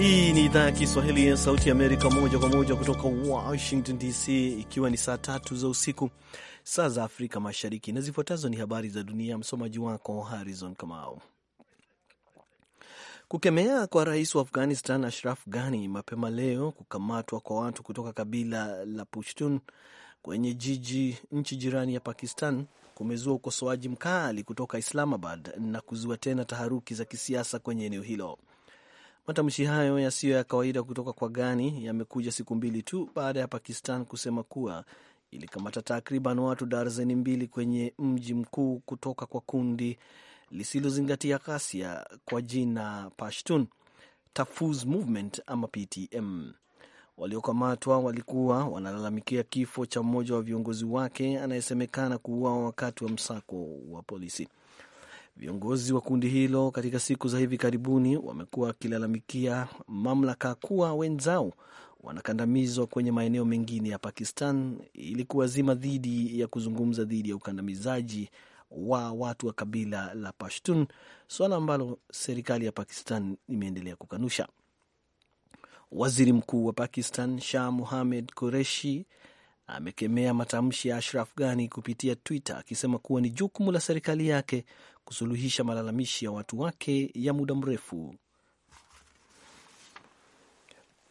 Hii ni idhaa ya Kiswahili ya Sauti ya Amerika, moja kwa moja kutoka Washington DC, ikiwa ni saa tatu za usiku saa za Afrika Mashariki, na zifuatazo ni habari za dunia. Msomaji wako Harrison Kamau. Kukemea kwa rais wa Afghanistan Ashraf Ghani mapema leo kukamatwa kwa watu kutoka kabila la Pushtun kwenye jiji nchi jirani ya Pakistan kumezua ukosoaji mkali kutoka Islamabad na kuzua tena taharuki za kisiasa kwenye eneo hilo. Matamshi hayo yasiyo ya kawaida kutoka kwa Gani yamekuja siku mbili tu baada ya Pakistan kusema kuwa ilikamata takriban watu darzeni mbili kwenye mji mkuu kutoka kwa kundi lisilozingatia ghasia kwa jina Pashtun Tafuz Movement ama PTM. Waliokamatwa walikuwa wanalalamikia kifo cha mmoja wa viongozi wake anayesemekana kuuawa wakati wa msako wa polisi. Viongozi wa kundi hilo katika siku za hivi karibuni wamekuwa wakilalamikia mamlaka kuwa wenzao wanakandamizwa kwenye maeneo mengine ya Pakistan ili kuwazima dhidi ya kuzungumza dhidi ya ukandamizaji wa watu wa kabila la Pashtun, suala ambalo serikali ya Pakistan imeendelea kukanusha. Waziri Mkuu wa Pakistan Shah muhamed Qureshi amekemea matamshi ya Ashraf Ghani kupitia Twitter akisema kuwa ni jukumu la serikali yake kusuluhisha malalamishi ya watu wake ya muda mrefu.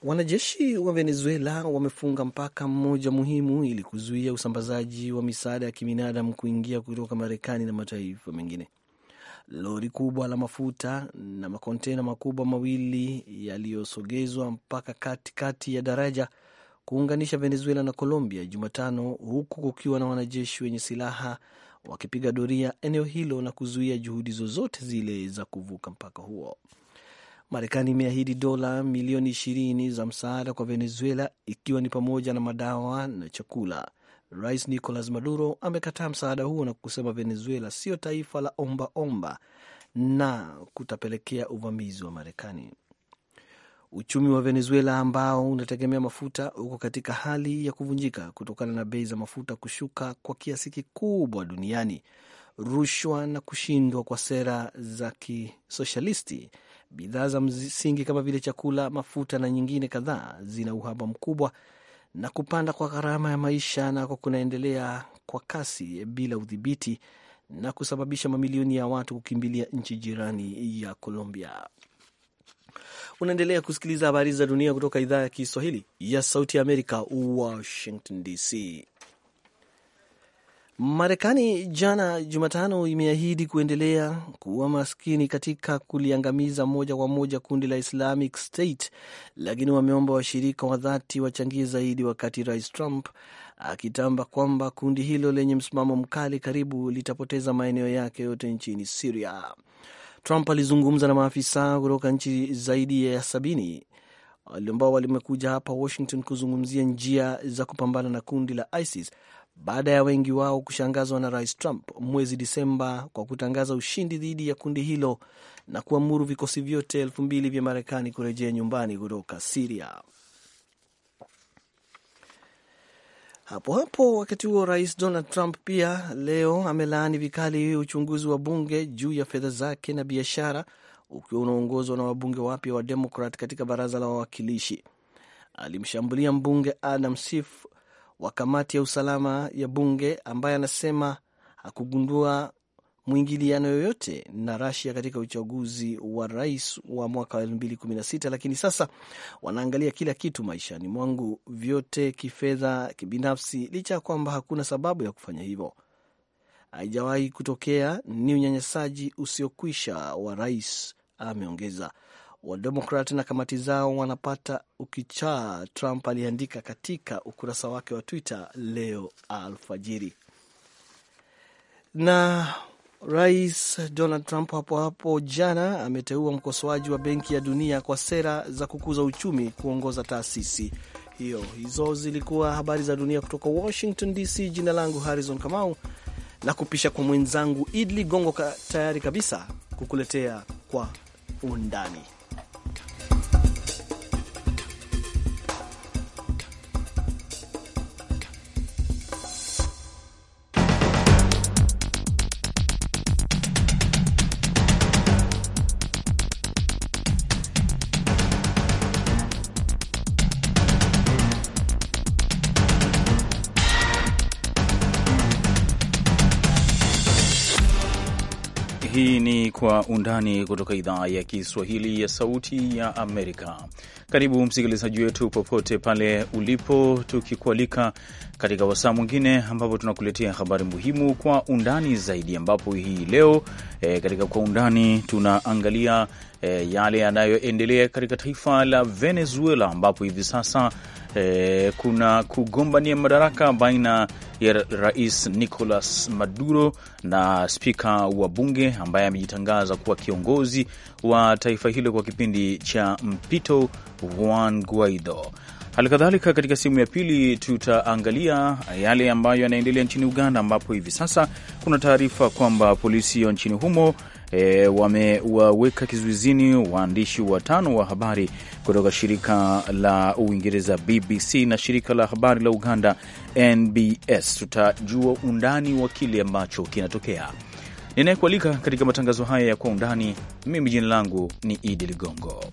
Wanajeshi wa Venezuela wamefunga mpaka mmoja muhimu ili kuzuia usambazaji wa misaada ya kibinadamu kuingia kutoka Marekani na mataifa mengine. Lori kubwa la mafuta na makontena makubwa mawili yaliyosogezwa mpaka katikati kati ya daraja kuunganisha Venezuela na Colombia Jumatano, huku kukiwa na wanajeshi wenye silaha wakipiga doria eneo hilo na kuzuia juhudi zozote zile za kuvuka mpaka huo. Marekani imeahidi dola milioni ishirini za msaada kwa Venezuela, ikiwa ni pamoja na madawa na chakula. Rais Nicolas Maduro amekataa msaada huo na kusema Venezuela sio taifa la ombaomba omba, na kutapelekea uvamizi wa Marekani. Uchumi wa Venezuela ambao unategemea mafuta uko katika hali ya kuvunjika kutokana na bei za mafuta kushuka kwa kiasi kikubwa duniani, rushwa na kushindwa kwa sera za kisoshalisti. Bidhaa za msingi kama vile chakula, mafuta na nyingine kadhaa zina uhaba mkubwa, na kupanda kwa gharama ya maisha nako kunaendelea kwa kasi bila udhibiti na kusababisha mamilioni ya watu kukimbilia nchi jirani ya Colombia. Unaendelea kusikiliza habari za dunia kutoka idhaa ya Kiswahili ya Sauti ya Amerika, Washington DC. Marekani jana Jumatano imeahidi kuendelea kuwa maskini katika kuliangamiza moja kwa moja kundi la Islamic State, lakini wameomba washirika wa dhati wachangie zaidi, wakati Rais Trump akitamba kwamba kundi hilo lenye msimamo mkali karibu litapoteza maeneo yake yote nchini Siria. Trump alizungumza na maafisa kutoka nchi zaidi ya sabini ambao walimekuja hapa Washington kuzungumzia njia za kupambana na kundi la ISIS baada ya wengi wao kushangazwa na Rais Trump mwezi Disemba kwa kutangaza ushindi dhidi ya kundi hilo na kuamuru vikosi vyote elfu mbili vya Marekani kurejea nyumbani kutoka Siria. Hapo hapo wakati huo, rais Donald Trump pia leo amelaani vikali uchunguzi wa bunge juu ya fedha zake na biashara, ukiwa unaongozwa na wabunge wapya wa Demokrat katika baraza la wawakilishi. Alimshambulia mbunge Adam Schiff wa kamati ya usalama ya bunge ambaye anasema hakugundua mwingiliano yoyote na Russia katika uchaguzi wa rais wa mwaka sita, lakini sasa wanaangalia kila kitu maishani mwangu, vyote, kifedha, kibinafsi, licha ya kwamba hakuna sababu ya kufanya hivyo. Haijawahi kutokea, ni unyanyasaji usiokwisha wa rais, ameongeza. Wademokrat na kamati zao wanapata ukichaa, Trump aliandika katika ukurasa wake wa Twitter leo alfajiri. Na Rais Donald Trump hapo hapo jana ameteua mkosoaji wa Benki ya Dunia kwa sera za kukuza uchumi kuongoza taasisi hiyo. Hizo zilikuwa habari za dunia kutoka Washington DC. Jina langu Harrison Kamau na kupisha kwa mwenzangu Idli Gongo, tayari kabisa kukuletea kwa undani Kwa Undani kutoka idhaa ya Kiswahili ya Sauti ya Amerika. Karibu msikilizaji wetu popote pale ulipo, tukikualika katika wasaa mwingine ambapo tunakuletea habari muhimu kwa undani zaidi, ambapo hii leo e, katika Kwa Undani tunaangalia e, yale yanayoendelea katika taifa la Venezuela ambapo hivi sasa e, kuna kugombania madaraka baina ya Rais Nicolas Maduro na spika wa bunge ambaye amejitangaza kuwa kiongozi wa taifa hilo kwa kipindi cha mpito Juan Guaido. Hali kadhalika katika sehemu ya pili tutaangalia yale ambayo yanaendelea nchini Uganda, ambapo hivi sasa kuna taarifa kwamba polisi nchini humo e, wamewaweka kizuizini waandishi watano wa habari kutoka shirika la Uingereza BBC na shirika la habari la Uganda NBS. Tutajua undani wa kile ambacho kinatokea. Ninayekualika katika matangazo haya ya kwa undani, mimi jina langu ni Idi Ligongo.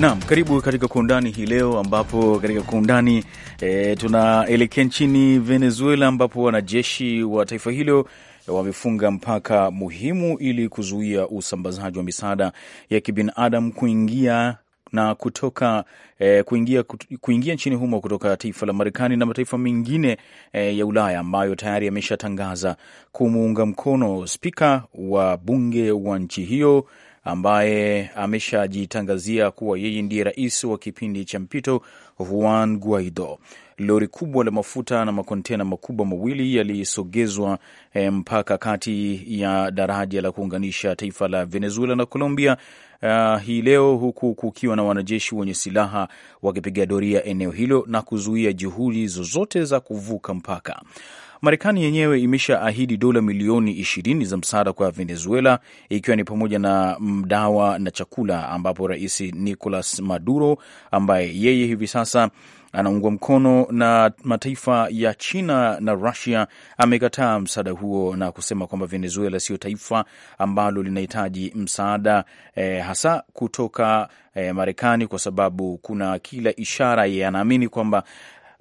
Naam, karibu katika Kwa Undani hii leo, ambapo katika Kwa Undani e, tunaelekea nchini Venezuela, ambapo wanajeshi wa taifa hilo wamefunga mpaka muhimu ili kuzuia usambazaji wa misaada ya kibinadamu kuingia na kutoka eh, kuingia, kuingia nchini humo kutoka taifa la Marekani na mataifa mengine eh, ya Ulaya ambayo tayari yameshatangaza kumuunga mkono spika wa bunge wa nchi hiyo ambaye ameshajitangazia kuwa yeye ndiye rais wa kipindi cha mpito Juan Guaido. Lori kubwa la mafuta na makontena makubwa mawili yalisogezwa eh, mpaka kati ya daraja la kuunganisha taifa la Venezuela na Colombia uh, hii leo huku kukiwa na wanajeshi wenye silaha wakipiga doria eneo hilo na kuzuia juhudi zozote za kuvuka mpaka. Marekani yenyewe imeshaahidi dola milioni ishirini za msaada kwa Venezuela, ikiwa ni pamoja na mdawa na chakula, ambapo Rais Nicolas Maduro ambaye yeye hivi sasa anaungwa mkono na mataifa ya China na Rusia amekataa msaada huo na kusema kwamba Venezuela sio taifa ambalo linahitaji msaada eh, hasa kutoka eh, Marekani kwa sababu kuna kila ishara, yeye anaamini kwamba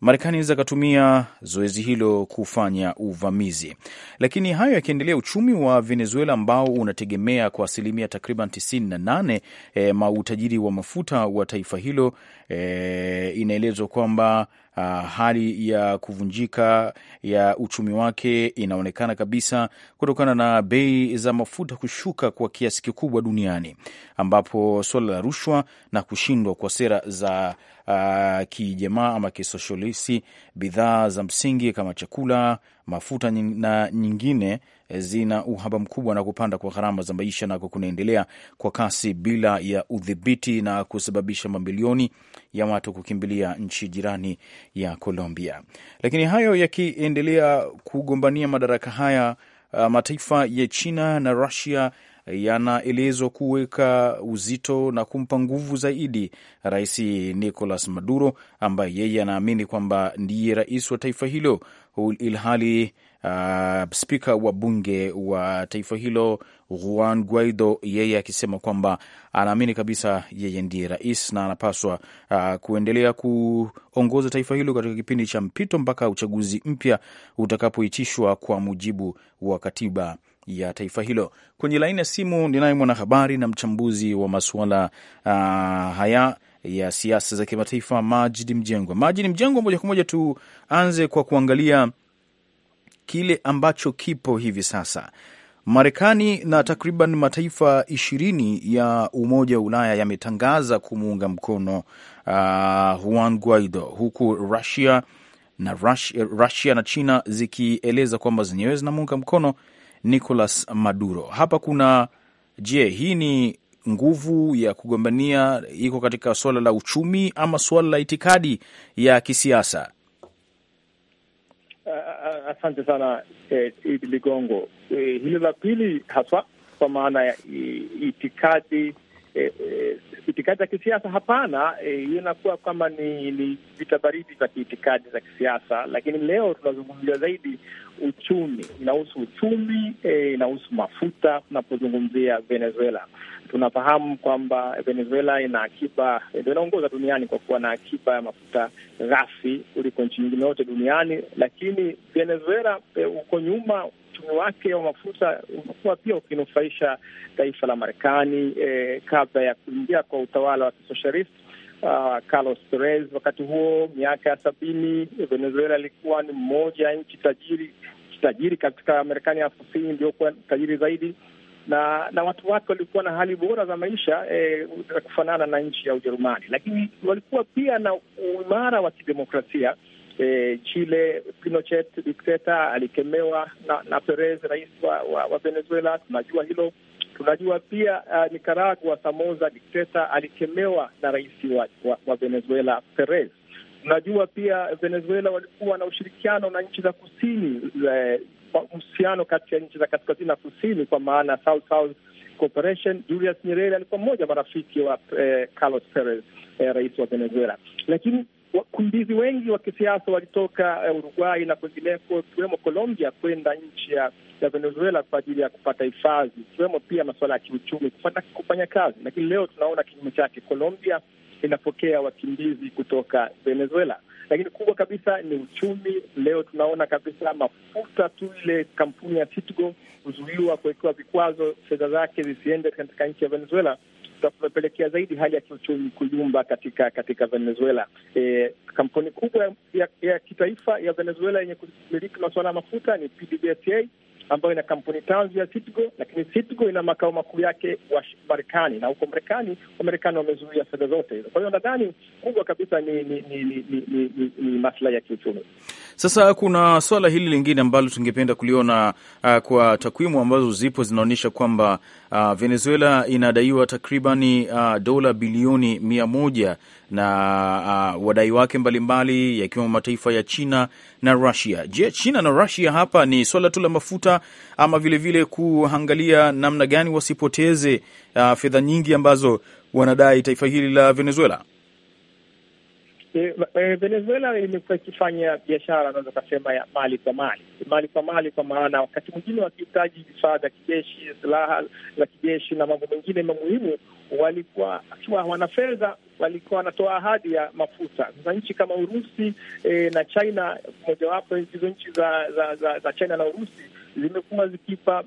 Marekani inaweza katumia zoezi hilo kufanya uvamizi. Lakini hayo yakiendelea, uchumi wa Venezuela ambao unategemea kwa asilimia takriban 98 e, eh, mautajiri wa mafuta wa taifa hilo e, inaelezwa kwamba Uh, hali ya kuvunjika ya uchumi wake inaonekana kabisa kutokana na bei za mafuta kushuka kwa kiasi kikubwa duniani, ambapo suala la rushwa na kushindwa kwa sera za uh, kijamaa ama kisosholisi Bidhaa za msingi kama chakula, mafuta na nyingine eh, zina uhaba mkubwa na kupanda kwa gharama za maisha nako kunaendelea kwa kasi bila ya udhibiti na kusababisha mamilioni ya watu kukimbilia nchi jirani ya Colombia. Lakini hayo yakiendelea kugombania madaraka haya, uh, mataifa ya China na Russia yanaelezwa kuweka uzito na kumpa nguvu zaidi Rais Nicolas Maduro, ambaye yeye anaamini kwamba ndiye rais wa taifa hilo, ilhali uh, spika wa bunge wa taifa hilo Juan Guaido yeye akisema kwamba anaamini kabisa yeye ndiye rais na anapaswa uh, kuendelea kuongoza taifa hilo katika kipindi cha mpito mpaka uchaguzi mpya utakapoitishwa kwa mujibu wa katiba ya taifa hilo. Kwenye laini ya simu ninaye mwanahabari na mchambuzi wa masuala uh, haya ya siasa za kimataifa Majid Mjengwa. Majid Mjengwa, moja kwa moja tuanze kwa kuangalia kile ambacho kipo hivi sasa. Marekani na takriban mataifa ishirini ya Umoja wa Ulaya yametangaza kumuunga mkono uh, Juan Guaido, huku Rusia na, Russia, Russia na China zikieleza kwamba zenyewe zinamuunga mkono Nicolas Maduro. Hapa kuna je, hii ni nguvu ya kugombania iko katika suala la uchumi ama suala la itikadi ya kisiasa? Asante sana eh, Idi Ligongo. Eh, hili la pili haswa kwa maana ya itikadi eh, eh, itikadi ya kisiasa hapana, eh, hiyo inakuwa kama ni, ni vita baridi za kiitikadi za kisiasa, lakini leo tunazungumzia zaidi uchumi, inahusu uchumi e, inahusu mafuta. Tunapozungumzia Venezuela, tunafahamu kwamba Venezuela ina akiba, ndio inaongoza duniani kwa kuwa na akiba ya mafuta ghafi kuliko nchi nyingine yote duniani, lakini Venezuela e, uko nyuma uchumi wake wa mafuta umekuwa pia ukinufaisha taifa la Marekani e, kabla ya kuingia kwa utawala wa kisoshalisti uh, Carlos Perez wakati huo miaka ya sabini. Venezuela ilikuwa ni mmoja ya nchi tajiri tajiri katika Marekani ya kusini iliyokuwa tajiri zaidi na na watu wake walikuwa na hali bora za maisha eh, kufanana na nchi ya Ujerumani, lakini walikuwa pia na uimara wa kidemokrasia eh, Chile. Pinochet dikteta alikemewa na, na Perez, rais wa, wa, wa Venezuela. Tunajua hilo Tunajua pia uh, Nicaragua, Somoza dikteta alikemewa na rais wa, wa, wa Venezuela Perez. Tunajua pia Venezuela walikuwa na ushirikiano na nchi za kusini, eh, uhusiano kati ya nchi za kaskazini na kusini, kwa maana South South Cooperation. Julius Nyerere alikuwa mmoja marafiki wa eh, Carlos Perez eh, rais wa Venezuela, lakini wakimbizi wengi wa kisiasa walitoka eh, Uruguay na kwengineko ikiwemo Colombia kwenda nchi ya ya Venezuela kwa ajili ya kupata hifadhi, ikiwemo pia masuala ya kiuchumi, kufanya kazi. Lakini leo tunaona kinyume chake, Colombia inapokea wakimbizi kutoka Venezuela. Lakini kubwa kabisa ni uchumi. Leo tunaona kabisa mafuta tu, ile kampuni ya Citgo kuzuiwa, kuwekewa vikwazo, fedha zake zisiende katika nchi ya Venezuela tutapelekea zaidi hali ya kiuchumi kuyumba katika katika Venezuela. E, kampuni kubwa ya, ya kitaifa ya Venezuela yenye kumiliki masuala ya mafuta ni PDVSA ambayo ina kampuni tanzu ya Citgo, lakini Citgo ina makao makuu yake wa Marekani, na huko Marekani Wamarekani wamezuia fedha zote hizo. Kwa hiyo nadhani kubwa kabisa ni, ni, ni, ni, ni, ni, ni maslahi ya kiuchumi. Sasa kuna swala hili lingine ambalo tungependa kuliona uh, kwa takwimu ambazo zipo zinaonyesha kwamba uh, Venezuela inadaiwa takribani uh, dola bilioni mia moja na uh, wadai wake mbalimbali yakiwemo mataifa ya China na Russia. Je, China na Russia hapa ni swala tu la mafuta ama vilevile vile kuangalia namna gani wasipoteze uh, fedha nyingi ambazo wanadai taifa hili la Venezuela? Eh, Venezuela imekuwa ikifanya biashara, naweza kasema ya mali kwa mali, mali kwa mali, kwa maana wakati mwingine wakihitaji vifaa vya kijeshi, silaha za kijeshi na mambo mengine muhimu, walikuwa akiwa hawana fedha walikuwa wanatoa ahadi ya mafuta. za nchi kama Urusi eh, na China, mojawapo hizo nchi za, za, za, za China na Urusi zimekuwa zikipa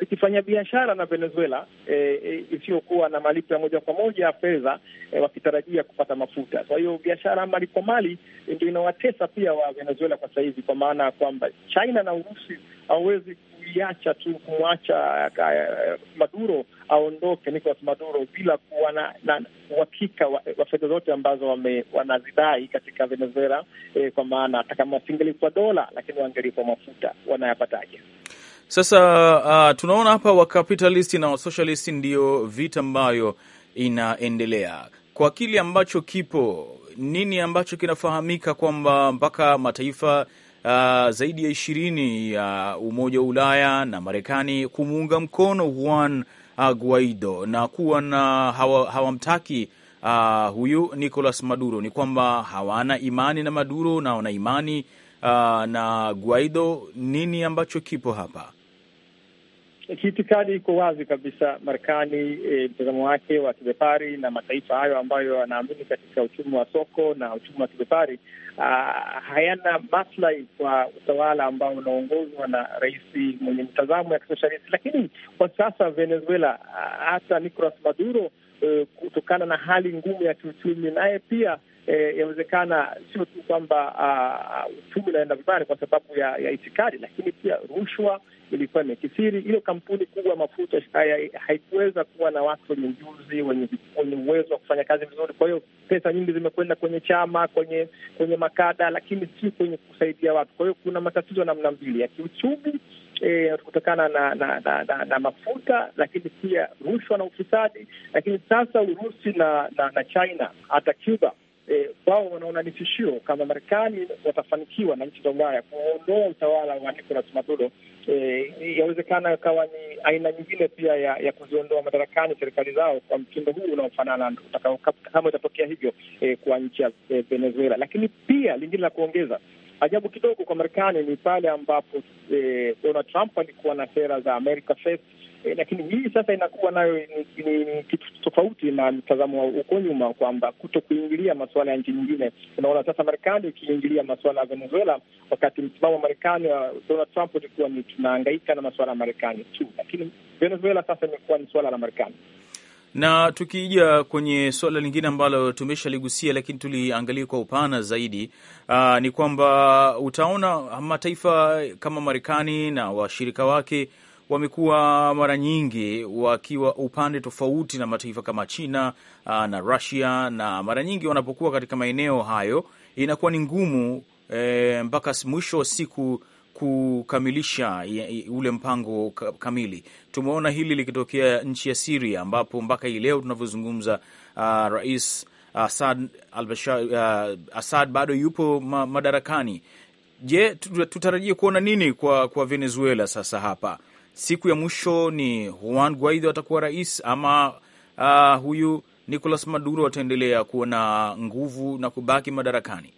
zikifanya biashara na Venezuela e, e, isiyokuwa na malipo ya moja kwa moja ya fedha e, wakitarajia kupata mafuta. Kwa hiyo biashara mali kwa mali ndio inawatesa pia wa Venezuela kwa sahizi, kwa maana ya kwamba China na Urusi hawezi kuiacha tu kumwacha Maduro aondoke, Nicolas Maduro, bila kuwa na uhakika wa, wa fedha zote ambazo wame, wanazidai katika Venezuela e, kwa maana hata kama wasingelipwa dola, lakini wangelipwa mafuta wanayapataje? Sasa uh, tunaona hapa wa na wa ndiyo ndio vita ambayo inaendelea kwa kile ambacho kipo. Nini ambacho kinafahamika kwamba mpaka mataifa uh, zaidi ya ishirini ya uh, Umoja wa Ulaya na Marekani kumuunga mkono Juan uh, Guaido na kuwa na hawamtaki hawa Uh, huyu Nicolas Maduro ni kwamba hawana imani na Maduro na wana imani uh, na Guaido, nini ambacho kipo hapa? Kiitikadi iko wazi kabisa. Marekani e, mtazamo e, wake wa kibepari na mataifa hayo ambayo yanaamini katika uchumi wa soko na uchumi wa kibepari hayana maslahi kwa utawala ambao unaongozwa na rais mwenye mtazamo ya kisoshalisti. Lakini kwa sasa Venezuela, hata Nicolas Maduro, e, kutokana na hali ngumu ya kiuchumi, naye pia eh, yawezekana sio tu kwamba ah, ah, uchumi unaenda vibaya kwa sababu ya, ya itikadi, lakini pia rushwa ilikuwa imekithiri. Hiyo kampuni kubwa ya mafuta haikuweza kuwa na watu wenye ujuzi, wenye uwezo wa kufanya kazi vizuri. Kwa hiyo pesa nyingi zimekwenda kwenye chama, kwenye kwenye makada, lakini si kwenye kusaidia watu. Kwa hiyo kuna matatizo ya namna mbili ya kiuchumi E, kutokana na na, na, na na mafuta lakini pia rushwa na ufisadi. Lakini sasa Urusi na, na, na China hata Cuba E, wao e, wanaona ni tishio kama Marekani watafanikiwa na nchi za Ulaya kuondoa utawala wa Nicolas Maduro. E, yawezekana ikawa ni aina nyingine pia ya, ya kuziondoa madarakani serikali zao kwa mtindo huu unaofanana kama itatokea hivyo e, kwa nchi ya e, Venezuela. Lakini pia lingine la kuongeza Ajabu kidogo kwa Marekani ni pale ambapo eh, Donald Trump alikuwa na sera za America First eh, lakini hii sasa inakuwa nayo ni, ni, ni kitu tofauti na mtazamo wa huko nyuma kwamba kuto kuingilia masuala ya nchi nyingine. Unaona sasa Marekani ikiingilia masuala ya Venezuela, wakati msimamo wa Marekani wa Donald Trump ulikuwa ni tunaangaika na masuala ya Marekani tu, lakini Venezuela sasa imekuwa ni suala la Marekani. Na tukija kwenye suala lingine ambalo tumeshaligusia lakini tuliangalia kwa upana zaidi, aa, ah, ni kwamba utaona mataifa kama Marekani na washirika wake wamekuwa mara nyingi wakiwa upande tofauti na mataifa kama China aa, ah, na Russia, na mara nyingi wanapokuwa katika maeneo hayo inakuwa ni ngumu e, mpaka mwisho wa siku kukamilisha ule mpango kamili. Tumeona hili likitokea nchi ya Siria, ambapo mpaka hii leo tunavyozungumza, uh, rais Asad, uh, Asad bado yupo ma madarakani. Je, tutarajia kuona nini kwa, kwa Venezuela sasa? Hapa siku ya mwisho ni Juan Guaido atakuwa rais ama uh, huyu Nicolas Maduro ataendelea kuwa na nguvu na kubaki madarakani?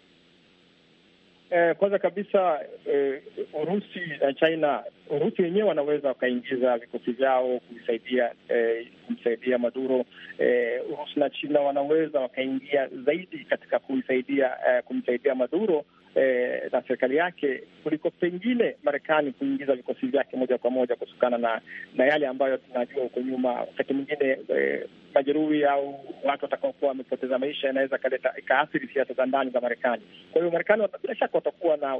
Eh, kwanza kabisa eh, Urusi na China, Urusi wenyewe wanaweza wakaingiza vikosi vyao kumsaidia eh, kumsaidia Maduro. Eh, Urusi na China wanaweza wakaingia zaidi katika kumsaidia eh, kumsaidia Maduro eh, na serikali yake kuliko pengine Marekani kuingiza vikosi vyake moja kwa moja kutokana na na yale ambayo tunajua huko nyuma. Wakati mwingine eh, majeruhi au watu watakaokuwa wamepoteza maisha inaweza kaleta ikaathiri siasa za ndani za Marekani. Kwa hiyo Marekani bila shaka watakuwa na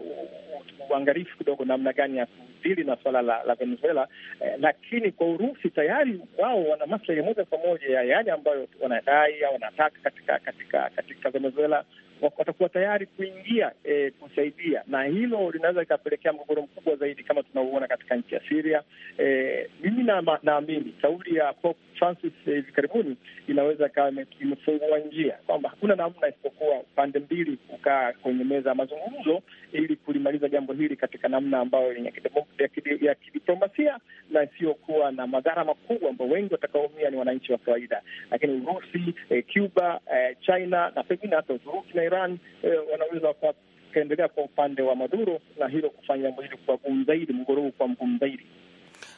uangalifu kidogo namna gani ya kudili na swala la, la Venezuela eh, lakini kwa Urusi tayari wao wana maslahi moja kwa moja ya yale ambayo wanadai au wanataka katika katika katika Venezuela watakuwa tayari kuingia e, kusaidia, na hilo linaweza likapelekea mgogoro mkubwa zaidi kama tunavyoona katika nchi ya Siria. E, eh, mimi naamini na kauli ya Pope Francis eh, hivi e, karibuni inaweza ikawa imefungua njia kwamba hakuna namna isipokuwa pande mbili kukaa kwenye meza ya mazungumzo ili kulimaliza jambo hili katika namna ambayo yenye ya kidiplomasia na isiyokuwa na madhara makubwa, ambao wengi watakaoumia ni wananchi wa kawaida. Lakini Urusi e, Cuba e, China na pengine hata Uturuki Iran eh, wanaweza wakaendelea kwa upande wa Maduro na hilo kufanya mwili kuwa gumu zaidi, mgogoro huu kuwa mgumu zaidi.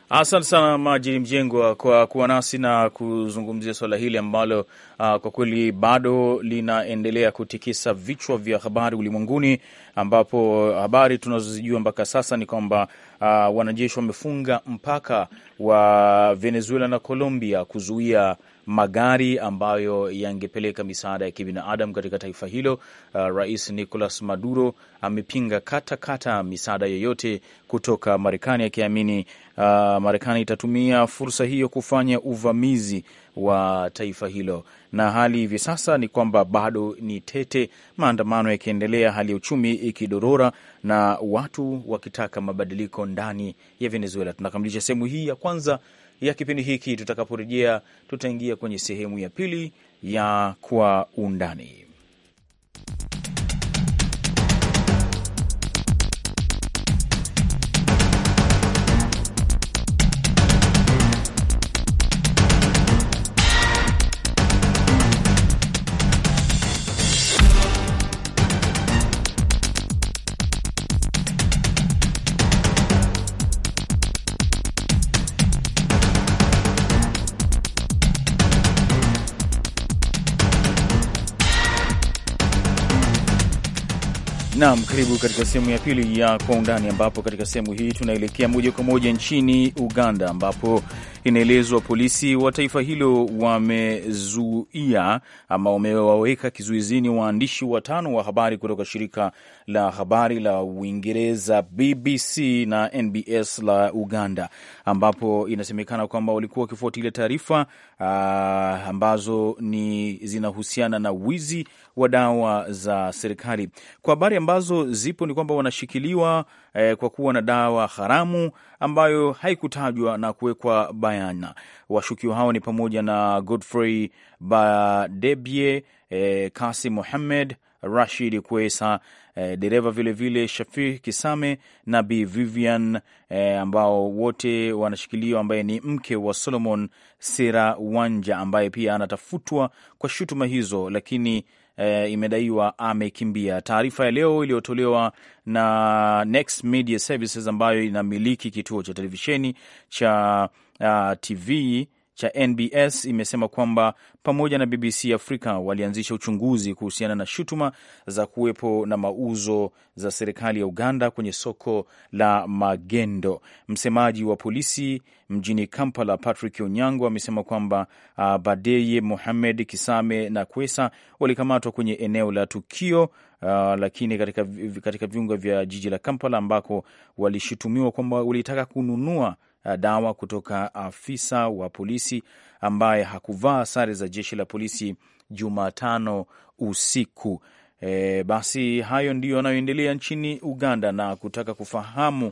Asante sana Majid Mjengwa kwa kuwa nasi na kuzungumzia swala hili ambalo uh, kwa kweli bado linaendelea kutikisa vichwa vya habari ulimwenguni, ambapo habari tunazozijua mpaka sasa ni kwamba uh, wanajeshi wamefunga mpaka wa Venezuela na Colombia kuzuia magari ambayo yangepeleka misaada ya kibinadamu katika taifa hilo. Uh, Rais Nicolas Maduro amepinga katakata misaada yoyote kutoka Marekani akiamini uh, Marekani itatumia fursa hiyo kufanya uvamizi wa taifa hilo. Na hali hivi sasa ni kwamba bado ni tete, maandamano yakiendelea, hali ya uchumi ikidorora na watu wakitaka mabadiliko ndani ya Venezuela. Tunakamilisha sehemu hii ya kwanza ya kipindi hiki. Tutakaporejea tutaingia kwenye sehemu ya pili ya kwa undani. Naam, karibu katika sehemu ya pili ya Kwa Undani, ambapo katika sehemu hii tunaelekea moja kwa moja nchini Uganda ambapo Inaelezwa polisi wa taifa hilo wamezuia ama wamewaweka kizuizini waandishi watano wa habari kutoka shirika la habari la Uingereza BBC na NBS la Uganda, ambapo inasemekana kwamba walikuwa wakifuatilia taarifa ah, ambazo ni zinahusiana na wizi wa dawa za serikali. Kwa habari ambazo zipo ni kwamba wanashikiliwa eh, kwa kuwa na dawa haramu ambayo haikutajwa na kuwekwa bayana. Washukiwa hao ni pamoja na Godfrey Badebie, eh, Kasi Mohammed, Rashid Kuesa, eh, dereva vilevile Shafi Kisame na Bi Vivian eh, ambao wote wanashikiliwa, ambaye ni mke wa Solomon Sera Wanja ambaye pia anatafutwa kwa shutuma hizo, lakini eh, imedaiwa amekimbia. Taarifa ya leo iliyotolewa na Next Media Services ambayo inamiliki kituo cha televisheni cha uh, ah, TV cha NBS imesema kwamba pamoja na BBC Afrika walianzisha uchunguzi kuhusiana na shutuma za kuwepo na mauzo za serikali ya Uganda kwenye soko la magendo. Msemaji wa polisi mjini Kampala, Patrick Onyango, amesema kwamba uh, Badeye Mohamed Kisame na Kwesa walikamatwa kwenye eneo la tukio uh, lakini katika, katika viunga vya jiji la Kampala ambako walishutumiwa kwamba walitaka kununua ah, dawa kutoka afisa wa polisi ambaye hakuvaa sare za jeshi la polisi Jumatano usiku. E, basi hayo ndiyo yanayoendelea nchini Uganda, na kutaka kufahamu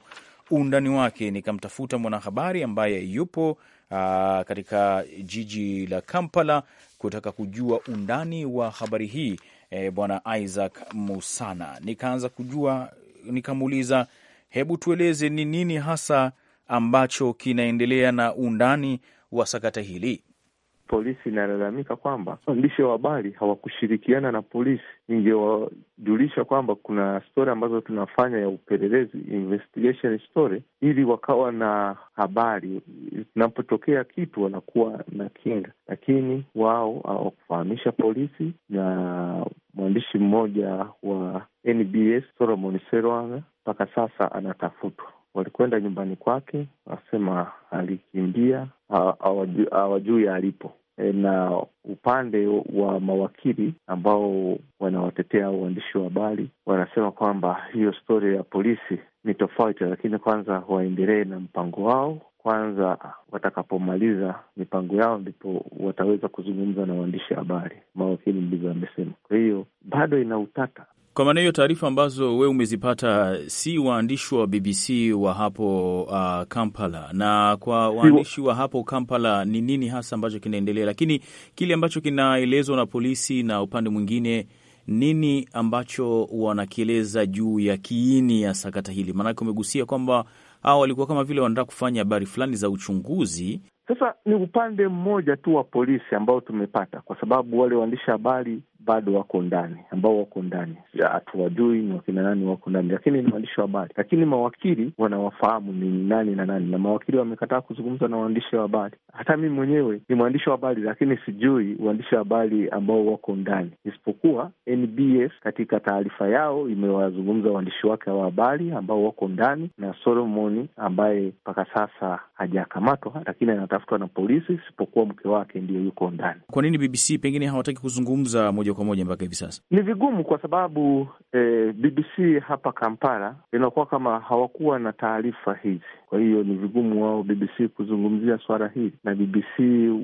undani wake nikamtafuta mwanahabari ambaye yupo a, ah, katika jiji la Kampala kutaka kujua undani wa habari hii e, bwana Isaac Musana. Nikaanza kujua, nikamuuliza hebu tueleze ni nini hasa ambacho kinaendelea na undani wa sakata hili polisi inalalamika kwamba waandishi wa habari hawakushirikiana na polisi, ingewajulisha kwamba kuna stori ambazo tunafanya ya upelelezi, investigation story, ili wakawa na habari inapotokea kitu wanakuwa na kinga, lakini wao hawakufahamisha polisi na mwandishi mmoja wa NBS Solomon Serwanga mpaka sasa anatafutwa. Walikwenda nyumbani kwake, wasema alikimbia, hawajui alipo e, na upande wa mawakili ambao wanawatetea waandishi wa habari wanasema kwamba hiyo stori ya polisi ni tofauti, lakini kwanza waendelee na mpango wao. Kwanza watakapomaliza mipango yao ndipo wataweza kuzungumza na waandishi habari, mawakili ndivyo amesema. Kwa hiyo bado ina utata. Kwa maana hiyo, taarifa ambazo wewe umezipata si waandishi wa BBC wa hapo uh, Kampala. Na kwa waandishi wa hapo Kampala, ni nini hasa ambacho kinaendelea, lakini kile ambacho kinaelezwa na polisi na upande mwingine nini ambacho wanakieleza juu ya kiini ya sakata hili? Maanake umegusia kwamba hawa walikuwa kama vile wanataka kufanya habari fulani za uchunguzi. Sasa ni upande mmoja tu wa polisi ambao tumepata, kwa sababu wale waandishi habari bado wako ndani, ambao wako ndani, hatuwajui ni wakina nani wako ndani, lakini ni waandishi wa habari. Lakini mawakili wanawafahamu ni nani na nani, na mawakili wamekataa kuzungumza na waandishi wa habari. Hata mimi mwenyewe ni mwandishi wa habari, lakini sijui waandishi wa habari ambao wako ndani, isipokuwa NBS katika taarifa yao imewazungumza waandishi wake wa habari ambao wako ndani na Solomoni ambaye mpaka sasa hajakamatwa, lakini anatafutwa na polisi, isipokuwa mke wake ndio yuko ndani. Kwa nini BBC pengine hawataki kuzungumza moja kwa moja mpaka hivi sasa? Ni vigumu kwa sababu eh, BBC hapa Kampala inakuwa kama hawakuwa na taarifa hizi, kwa hiyo ni vigumu wao BBC kuzungumzia swala hili, na BBC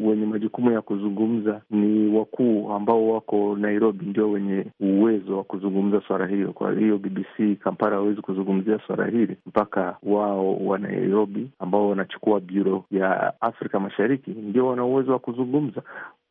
wenye majukumu ya kuzungumza ni wakuu ambao wako Nairobi, ndio wenye uwezo wa kuzungumza swala hiyo. Kwa hiyo BBC Kampala hawezi kuzungumzia swala hili mpaka wao wa Nairobi ambao wanachukua biro ya Afrika Mashariki ndio wana uwezo wa kuzungumza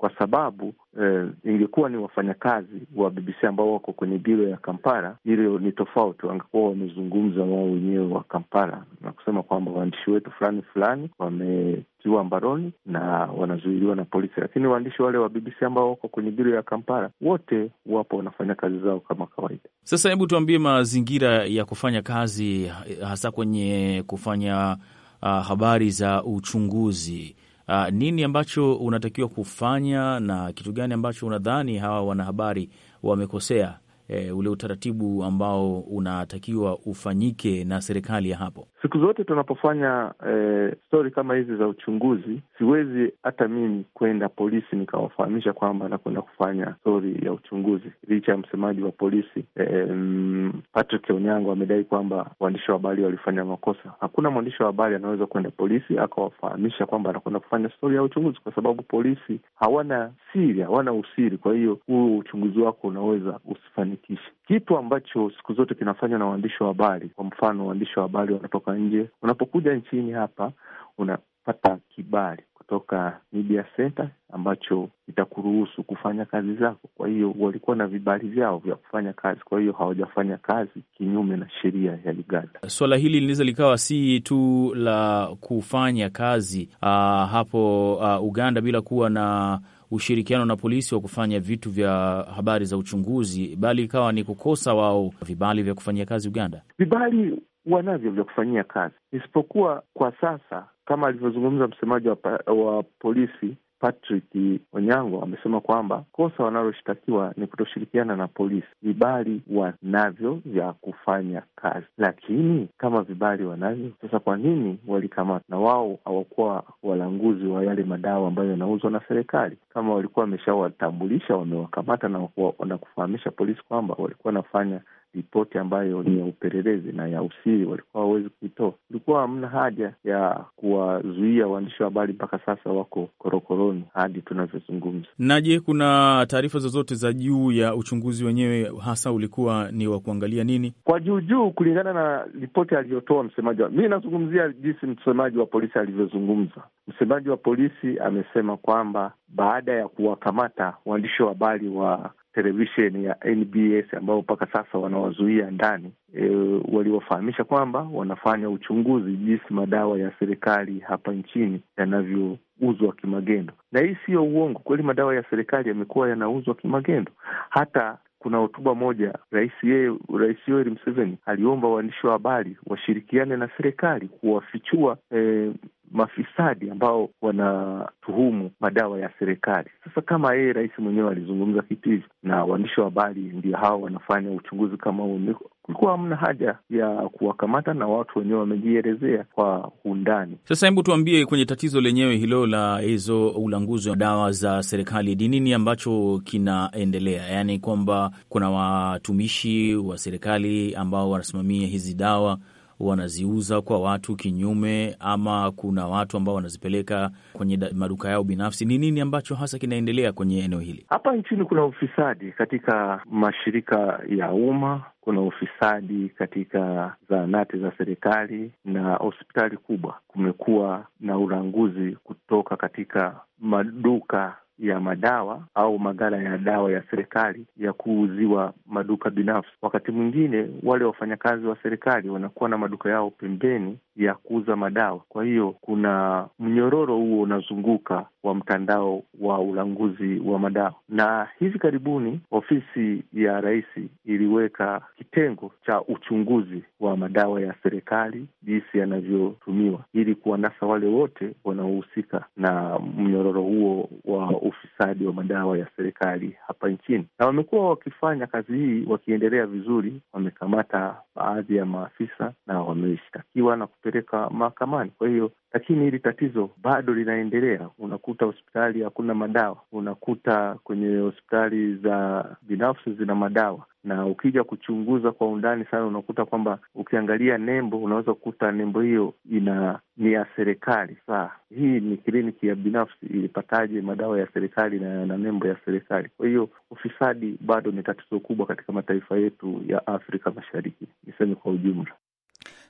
kwa sababu eh, ingekuwa ni wafanyakazi wa BBC ambao wako kwenye biro ya Kampala, hilo ni tofauti. Wangekuwa wamezungumza wao wenyewe wa Kampala na kusema kwamba waandishi wetu fulani fulani wametiwa mbaroni na wanazuiliwa na polisi, lakini waandishi wale wa BBC ambao wako kwenye biro ya Kampala wote wapo wanafanya kazi zao kama kawaida. Sasa hebu tuambie mazingira ya kufanya kazi hasa kwenye kufanya uh, habari za uchunguzi uh, nini ambacho unatakiwa kufanya na kitu gani ambacho unadhani hawa wanahabari wamekosea, eh, ule utaratibu ambao unatakiwa ufanyike na serikali ya hapo? Siku zote tunapofanya eh, stori kama hizi za uchunguzi, siwezi hata mimi kwenda polisi nikawafahamisha kwamba nakwenda kufanya stori ya uchunguzi, licha ya msemaji wa polisi eh, mm, Patrick Onyango amedai kwamba waandishi wa habari walifanya makosa. Hakuna mwandishi wa habari anaweza kwenda polisi akawafahamisha kwamba anakwenda kufanya stori ya uchunguzi, kwa sababu polisi hawana siri, hawana usiri. Kwa hiyo huo uchunguzi wako unaweza usifanikishe kitu ambacho siku zote kinafanywa na waandishi wa habari. Kwa mfano, waandishi wa habari wanatoka nje, unapokuja nchini hapa unapata kibali kutoka media center ambacho itakuruhusu kufanya kazi zako. Kwa hiyo walikuwa na vibali vyao vya kufanya kazi, kwa hiyo hawajafanya kazi kinyume na sheria ya Uganda. Suala hili linaweza likawa si tu la kufanya kazi uh, hapo uh, Uganda bila kuwa na ushirikiano na polisi wa kufanya vitu vya habari za uchunguzi, bali ikawa ni kukosa wao vibali vya kufanyia kazi Uganda. Vibali wanavyo vya kufanyia kazi, isipokuwa kwa sasa kama alivyozungumza msemaji wa, wa polisi Patrick Onyango amesema kwamba kosa wanaloshtakiwa ni kutoshirikiana na polisi, vibali wanavyo vya kufanya kazi, lakini kama vibali wanavyo, sasa kwa nini walikamata? Na wao hawakuwa walanguzi wa yale madawa ambayo yanauzwa na serikali. Kama walikuwa wameshawatambulisha, wamewakamata na, na kufahamisha polisi kwamba walikuwa wanafanya ripoti ambayo ni ya upelelezi na ya usiri, walikuwa hawawezi kuitoa. Kulikuwa hamna haja ya kuwazuia waandishi wa habari, mpaka sasa wako korokoroni hadi tunavyozungumza. Na je, kuna taarifa zozote za juu ya uchunguzi wenyewe, hasa ulikuwa ni wa kuangalia nini kwa juu juu kulingana na ripoti aliyotoa msemaji wa... mi nazungumzia jinsi msemaji wa polisi alivyozungumza. Msemaji wa polisi amesema kwamba baada ya kuwakamata waandishi wa habari wa televisheni ya NBS ambao mpaka sasa wanawazuia ndani e, waliwafahamisha kwamba wanafanya uchunguzi jinsi madawa ya serikali hapa nchini yanavyouzwa kimagendo, na hii siyo uongo. Kweli madawa ya serikali yamekuwa yanauzwa kimagendo. Hata kuna hotuba moja rais yeye Rais Yoweri Museveni aliomba waandishi wa habari washirikiane na serikali kuwafichua e, mafisadi ambao wanatuhumu madawa ya serikali. Sasa kama yeye rais mwenyewe alizungumza kitu hivi na waandishi wa habari, ndio hawa wanafanya uchunguzi kama huo, kulikuwa hamna haja ya kuwakamata na watu wenyewe wamejielezea kwa undani. Sasa hebu tuambie, kwenye tatizo lenyewe hilo la hizo ulanguzi wa dawa za serikali, ni nini ambacho kinaendelea? Yaani kwamba kuna watumishi wa serikali ambao wanasimamia hizi dawa wanaziuza kwa watu kinyume, ama kuna watu ambao wanazipeleka kwenye maduka yao binafsi? Ni nini ambacho hasa kinaendelea kwenye eneo hili? Hapa nchini kuna ufisadi katika mashirika ya umma kuna ufisadi katika zahanati za serikali na hospitali kubwa. Kumekuwa na ulanguzi kutoka katika maduka ya madawa au maghala ya dawa ya serikali ya kuuziwa maduka binafsi. Wakati mwingine wale wafanyakazi wa serikali wanakuwa na maduka yao pembeni ya kuuza madawa. Kwa hiyo kuna mnyororo huo unazunguka wa mtandao wa ulanguzi wa madawa, na hivi karibuni ofisi ya rais iliweka kitengo cha uchunguzi wa madawa ya serikali, jinsi yanavyotumiwa, ili kuwanasa wale wote wanaohusika na mnyororo huo wa ufisadi wa madawa ya serikali hapa nchini, na wamekuwa wakifanya kazi hii wakiendelea vizuri. Wamekamata baadhi ya maafisa na wameshtakiwa na kupeleka mahakamani. Kwa hiyo, lakini hili tatizo bado linaendelea. Unakuta hospitali hakuna madawa, unakuta kwenye hospitali za binafsi zina madawa na ukija kuchunguza kwa undani sana unakuta kwamba ukiangalia nembo unaweza kukuta nembo hiyo ina ni ya serikali. Saa hii ni kliniki ya binafsi, ilipataje madawa ya serikali na, na nembo ya serikali? Kwa hiyo ufisadi bado ni tatizo kubwa katika mataifa yetu ya Afrika Mashariki, niseme kwa ujumla.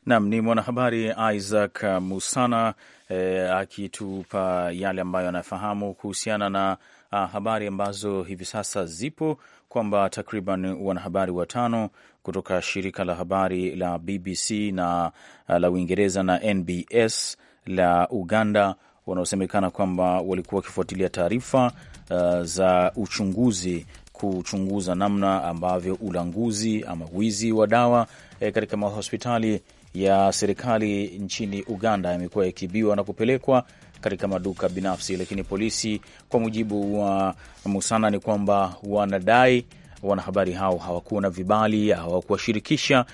Nam ni mwanahabari Isaac Musana e, akitupa yale ambayo anafahamu kuhusiana na a, ah, habari ambazo hivi sasa zipo kwamba takriban wanahabari watano kutoka shirika la habari la BBC na a, ah, la Uingereza na NBS la Uganda wanaosemekana kwamba walikuwa wakifuatilia taarifa uh, za uchunguzi kuchunguza namna ambavyo ulanguzi ama wizi wa dawa eh, katika mahospitali ya serikali nchini Uganda yamekuwa yakibiwa na kupelekwa katika maduka binafsi, lakini polisi, kwa mujibu wa Musana, ni kwamba wanadai wanahabari hao hawakuwa na vibali, hawakuwashirikisha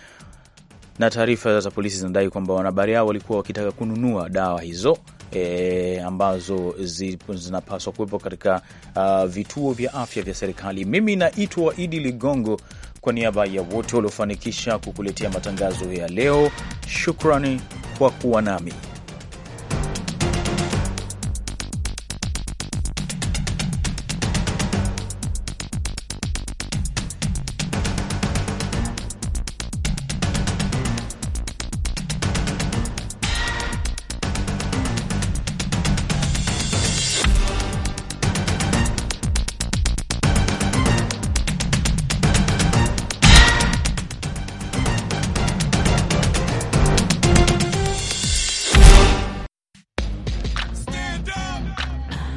na taarifa za polisi zinadai kwamba wanahabari hao walikuwa wakitaka kununua dawa hizo e, ambazo zi, zinapaswa kuwepo katika uh, vituo vya afya vya serikali. Mimi naitwa Idi Ligongo kwa niaba ya wote waliofanikisha kukuletea matangazo ya leo, shukrani kwa kuwa nami.